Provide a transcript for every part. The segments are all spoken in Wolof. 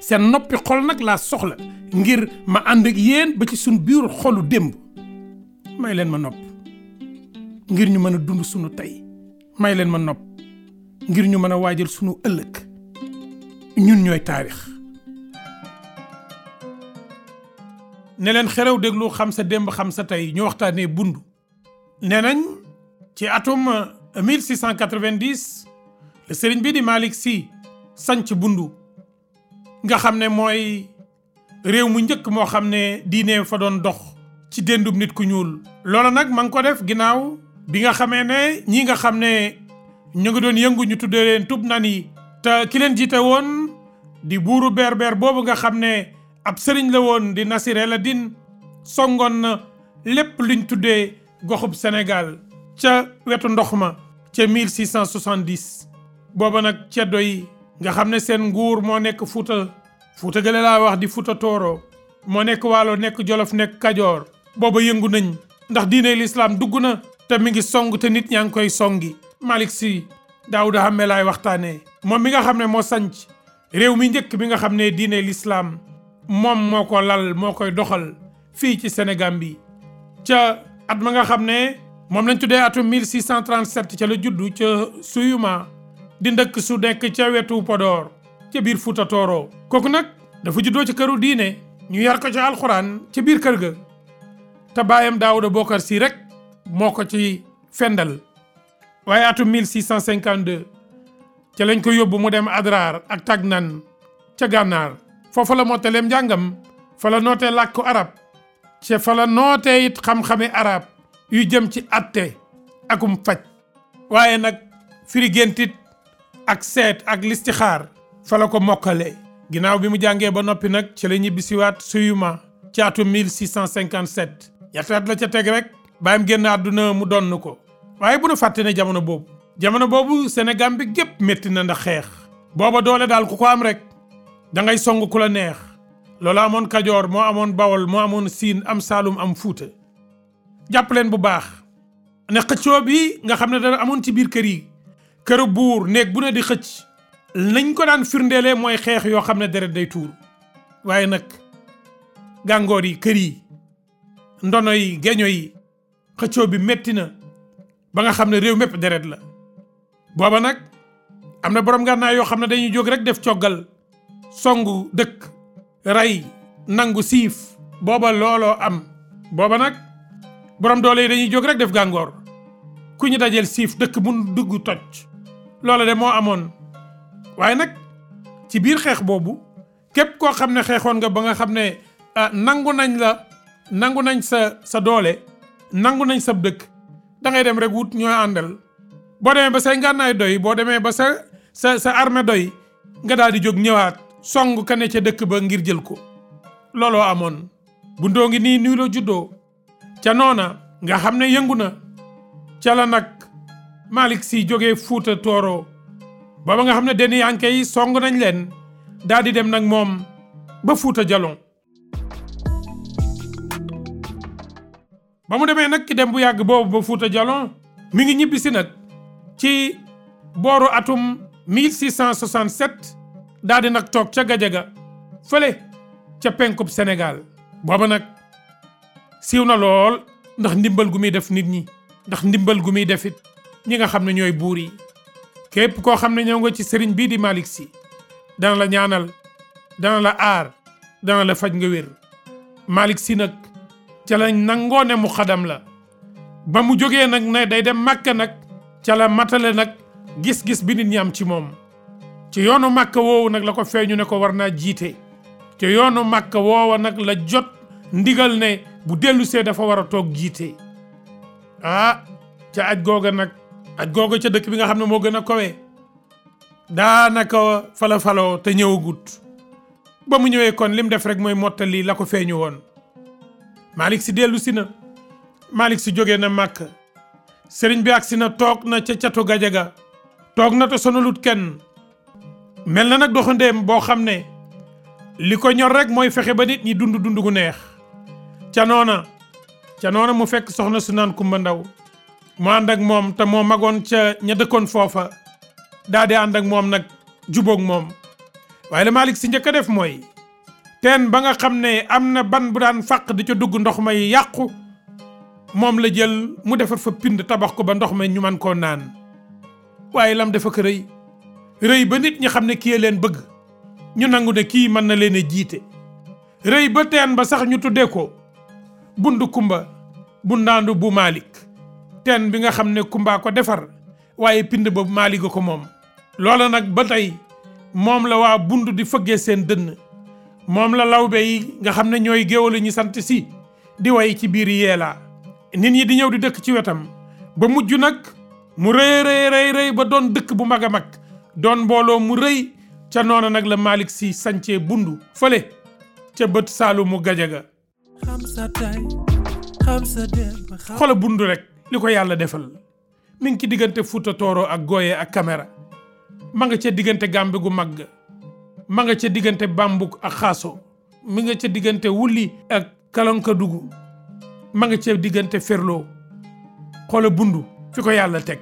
seen noppi xol nag laa soxla ngir ma ànd ak yéen ba ci suñ biir xolu démb may leen ma nopp ngir ñu mën a dund sunu tey may leen ma nopp ngir ñu mën a waajal sunu ëllëg ñun ñooy taarix ne leen xerew déglu xam sa démb xam sa tey ñu waxtaanee bundu ne nañ ci atum 1690 le sëriñ bi di si Sy sanc bundu nga xam ne mooy réew mu njëkk moo xam ne diine fa doon dox ci déndub nit ku ñuul. loolu nag ma ngi ko def ginnaaw bi nga xamee ne ñi nga xam ne ñu ngi doon yëngu ñu tuddee leen tub nan yi te ki jiite woon di buuru berber boobu nga xam ne ab sëriñ la woon di Nasir El Din songoon na lépp luñ tuddee goxub Sénégal ca wetu ndox ma ca 1670 booba nag ceddo yi nga xam ne seen nguur moo nekk Fuuta Fuuta gële laa wax di Fuuta Tooro moo nekk Waalo nekk Jolof nekk Kajoor booba yëngu nañ ndax diine lislaam dugg na te mi ngi song te nit ñaa ngi koy songi Malick si daawud Hamme laay waxtaanee moom mi nga xam ne moo sanc réew mi njëkk bi nga xam ne diine lislaam moom moo ko lal moo koy doxal fii ci senegam bi ca at ma nga xam ne moom lañ tuddee atum 1637 ca la juddu ca Suyuma di ndëkk su nekk ca wetu Podor ca biir Fuuta Tooro kooku nag dafa juddoo ci këru diine ñu yar ko ca alxuraan ca biir kër ga te baayam Daawuda Bokar Si rek moo ko ci fendal waaye atum 1652 ca lañ ko yóbbu mu dem Adrar ak Tagnan ca gànnaar foofa la mottaleem njàngam fa la nootee làkku arab ca fa la nootee it xam-xame arab yu jëm ci atte akum faj waaye nag firi ak seet ak listixaar fa la ko mokkale ginnaaw bi mu jàngee ba noppi nag ci la ñibbisiwaat suyuma ci atum 1657 ñetti at la ca teg rek baayam génn àdduna mu donn ko waaye bu nu fàtte ne jamono boobu jamono boobu Sénégal bi gépp métti na ndax xeex booba doole daal ku ko am rek dangay ngay song ku la neex loolu amoon Kajoor moo amoon Bawol moo amoon Siin am Saalum am Fuuta jàpp leen bu baax ne xëccoo bi nga xam ne dana amoon ci biir kër yi këru buur néeg bu ne di xëcc nañ ko daan firndeelee mooy xeex yoo xam ne deret day tuur waaye nag gàngoor yi kër yi ndono yi geño yi xëccoo bi metti na ba nga xam ne réew mépp deret la booba nag am na borom gànnaay yoo xam ne dañuy jóg rek def coggal songu dëkk ray nangu siif booba looloo am booba nag borom doole yi dañuy jóg rek def gàngoor ku ñu dajeel siif dëkk mun dugg toj loola de moo amoon waaye nag ci biir xeex boobu képp koo xam ne xeexoon nga ba nga xam ne ah, nangu nañ la nangu nañ sa sa doole nangu nañ sab dëkk dangay dem rek wut ñooy àndal boo demee ba say ngànnaay doy boo demee ba sa sa sa armée doy nga daal di jóg ñëwaat song ka ne ca dëkk ba ngir jël ko looloo amoon bundoo ngi nii nuy la juddoo ca noona nga xam ne yëngu na ca la nag Malick Sy jógee Fuuta Tooro booba nga xam ne denn yanke yi song nañ leen daal di dem nag moom ba Fuuta Jalon ba mu demee nag ki dem bu yàgg boobu ba Fuuta Jalon mu ngi ñibbisi nag ci booru atum 1667 daal di nag toog ca Gajaga fële ca penkub Sénégal booba nag siiw na lool ndax ndimbal gu muy def nit ñi ndax ndimbal gu muy def ñi nga xam ne ñooy buur yi képp koo xam ne ñëw nga ci sëriñ bii di Malick si dana la ñaanal dana la aar dana la faj nga wér Malick Sy nag ca la nangoo ne mu xadam la ba mu jógee nag ne day dem màkka nag ca la matale nag gis-gis bi nit am ci moom ci yoonu màkka woowu nag la ko feeñu ne ko war naa jiite ci yoonu màkka woowa nag la jot ndigal ne bu dellusee dafa war a toog jiite ah ca aj googa nag aj googu ca dëkk bi nga xam ne moo gën a kowe daanaka fala faloo te ñëwagut ba mu ñëwee kon lim def rek mooy mottali la ko feeñu woon Malick si dellusi si na Malick si jóge na màkk sëriñ bi si na toog na ca catu gajaga toog na te sonalut kenn mel na nag doxandeem boo xam ne li ko ñor rek mooy fexe ba nit ñi dund dund gu neex ca noona ca noona mu fekk soxna su naan kumba ndaw mu ànd ak moom te moo magoon ca ña dëkkoon foofa daa di ànd ak moom nag jubook moom waaye la Malick si njëkk a def mooy teen ba nga xam ne am na ban bu daan fàq di ca dugg ndox may yàqu moom la jël mu defar fa pind tabax ko ba ndox may ñu man koo naan waaye lam dafa ko rëy rëy ba nit ñi xam ne kii leen bëgg ñu nangu ne kii mën na leen jiite rëy ba teen ba sax ñu tuddee ko bund kumba bu ndaandu bu Malick teen bi nga xam ne Kumba ko defar waaye pind boobu maaliga ko moom loola nag ba tey moom la waa bund di fëggee seen dënn moom la lawbe yi nga xam ne ñooy géwalu ñu sant si di way ci biir yeelaa nit ñi di ñëw di dëkk ci wetam ba mujj nag mu rëy rëy rëy ba doon dëkk bu mag a mag doon mbooloo mu rëy ca noona nag la Malick si sancee bundu fële ca bët saalumu gajaga xoola bundu rekk li ko yàlla defal mi ngi ci diggante Fuuta Tooro ak goye ak kamera ma nga ca diggante Gàmbi gu mag ma nga ca diggante Bambuk ak xaso mi nga ca diggante Wuli ak Kalankadugu ma nga ca diggante Ferlo xoola bundu fi ko yàlla teg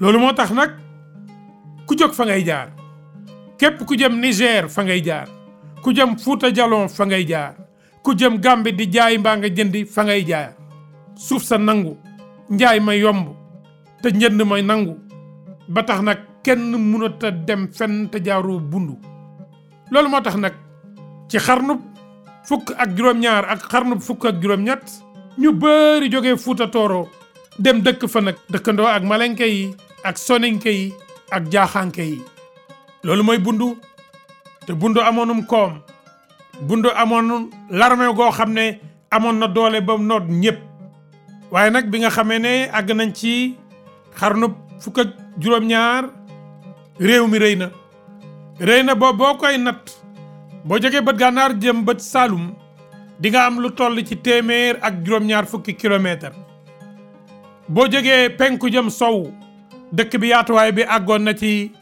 loolu moo tax nag ku jóg fa ngay jaar képp ku jëm Niger fa ngay jaar ku jëm Fuuta Jalon fa ngay jaar ku jëm Gàmbi di jaay mbaa nga jëndi fa ngay jaar suuf sa nangu njaay ma yomb te njënd ma nangu ba tax nag kenn mënut a dem fenn te jaaroo bundu loolu moo tax nag ci xarnub fukk ak juróom-ñaar ak xarnub fukk ak juróom-ñett ñu bëri jóge Fuuta Tooro dem dëkk fa nag dëkkandoo ak malenke yi ak soninke yi ak jaaxanke yi loolu mooy bundu te bundu amoonum koom bund amoon larme goo xam ne amoon na doole ba noot ñëpp waaye nag bi nga xamee ne àgg nañ ci xarnu fukk ak juróom-ñaar réew mi rëy na rëy na boo boo koy nat boo jógee bët gànnaar jëm bët Saalum di nga am lu toll ci téeméer ak juróom-ñaar fukki kilomètre boo jógee penku jëm sow dëkk bi yaatuwaay bi àggoon na ci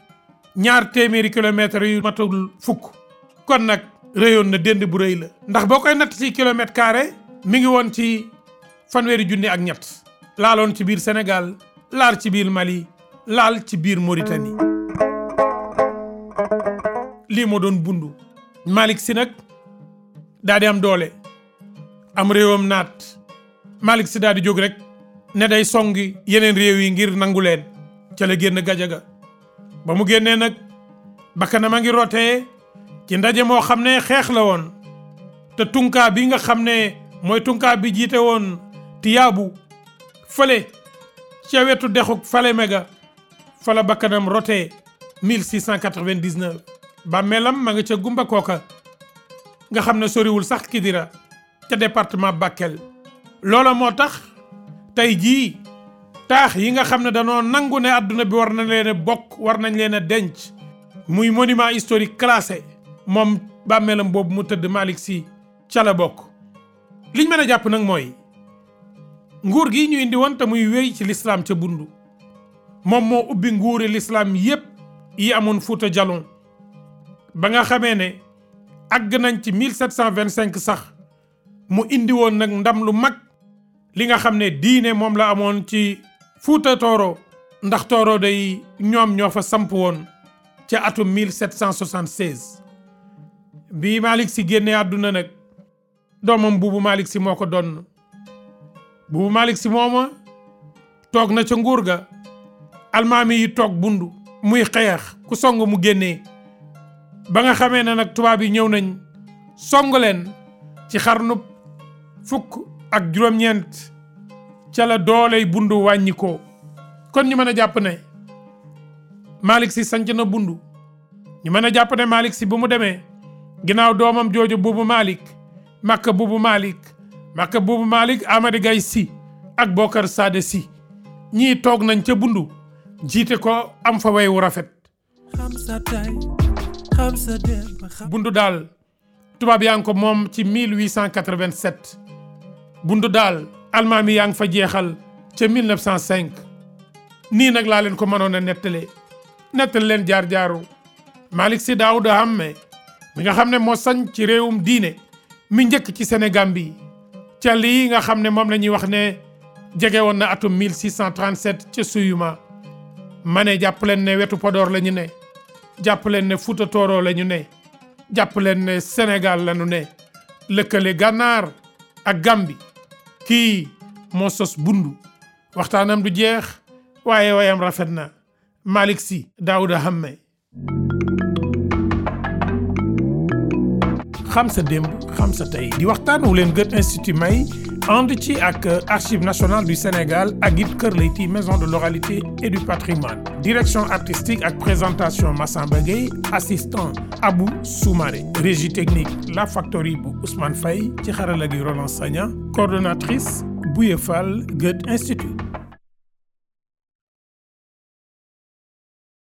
ñaar téeméeri kilomètres yu matul fukk kon nag réyoon na dénd bu rëy la ndax boo koy natt ci kilomètre carré mi ngi woon ci fanweeri junni ak ñett laaloon ci biir senegal laal ci biir Mali laal ci biir Mauritanie lii moo doon bundu Malick si nag daa am doole am réewam naat Malick si daa di jóg rek ne day songi yeneen réew yi ngir nangu leen ca la génn gajaga ba mu génnee nag bakkanam a ngi rotee ci ndaje moo xam ne xeex la woon te tunkaa bi nga xam ne mooy tunkaa jiite woon tiyaabu fële ca wetu dexuk Falémega fala bakkanam rotee 1699 bàmmeelam ma nga ca gumba kooka nga xam ne soriwul sax Kidira ca département Bakel loola moo tax tey jii taax yi nga xam ne danoo nangu ne àdduna bi war nañ leen bokk war nañ leen a denc muy monument historique classé moom bàmmeelam boobu mu tëdd Malick si ca la bokk liñ mën a jàpp nag mooy nguur gi ñu indi woon muy wéy ci lislaam ca bundu moom moo ubbi nguuri lislaam yépp yi amoon Fuuta Jalon ba nga xamee ne àgg nañ ci 1725 sax mu indi woon nag ndam lu mag li nga xam ne diine moom la amoon ci Fuuta Tooro ndax Tooro day ñoom ñoo fa samp woon ca atum 1776 bi Malick Sy génne àdduna nag doomam buubu Malick Sy moo ko donn bubu Malick si mooma toog na ca nguur ga almaami yi toog bundu muy xeex ku song mu génnee ba nga xamee ne nag tubaab yi ñëw nañ song leen ci xarnub fukk ak juróom-ñeent ca la dooley bundu wàññi ko kon ñu mën a jàpp ne Malick si sanc na bundu ñu mën a jàpp ne Malick si bu mu demee ginnaaw doomam jooju buubu Malick Makka buubu Malick Màkka boobu Malick Amady Gaye si ak Bokar Sade si ñii toog nañ ca Bundu jiite ko am fa way rafet. Bundu daal tubaab yaa ngi ko moom ci 1887 Bundu daal almaami yaa ngi fa jeexal ca 1905 nii nag laa leen ko manoon a nettalee nettali leen jaar-jaaru Malick Sy Daouda Hammé mi nga xam ne moo sañ ci réewum diine mi njëkk ci Sénégal bi ca lii nga xam ne moom la ñuy wax ne jege woon na atum 1637 ca Suyuma ma ne jàpp leen ne wetu podoor la ñu ne jàpp leen ne Fuuta Tooro la ñu ne jàpp leen ne Sénégal la ne lëkkale gànnaar ak gàmbi kii moo sos bundu waxtaanam du jeex waaye wayam rafet na Malick si Daouda Hamme xam sa démb xam sa tey di waxtaan wu leen Goethe Institut mai ànd ci ak Archives national du Sénégal ak it Kër Leyti maison de l'oralité et du patrimoine direction artistique ak présentation Massamba Gueye assistant Abou Soumaré régie technique La Factory bu Ousmane Faye ci xarala gi Roland Sagna coordonnatrice Bouye Fall Institut